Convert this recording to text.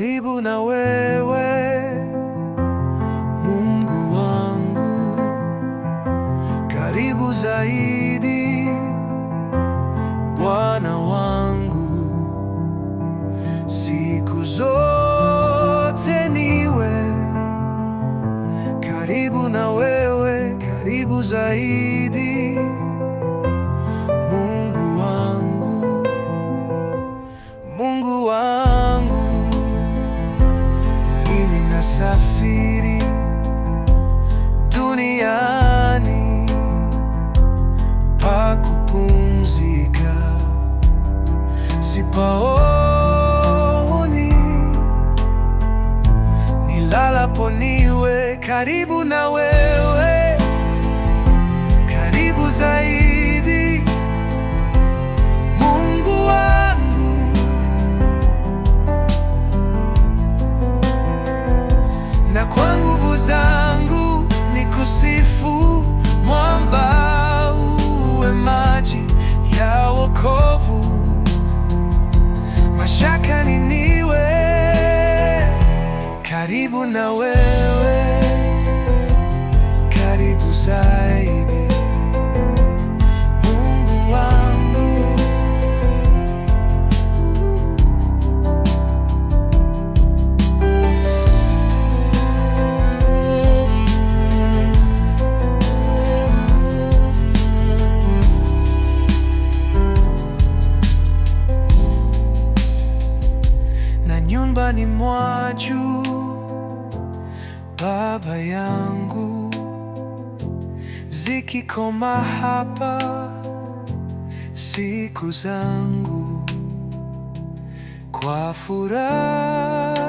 karibu na wewe Mungu wangu, karibu zaidi Bwana wangu, siku zote niwe karibu na wewe, karibu zaidi Mungu wangu, Mungu wangu karibu na wewe, karibu zaidi, Mungu wangu, na kwa nguvu zangu nikusifu, mwamba uwe maji ya wokovu, mashaka niniwe, karibu na wewe mwa juu, Baba yangu, zikikoma hapa siku zangu kwa furaha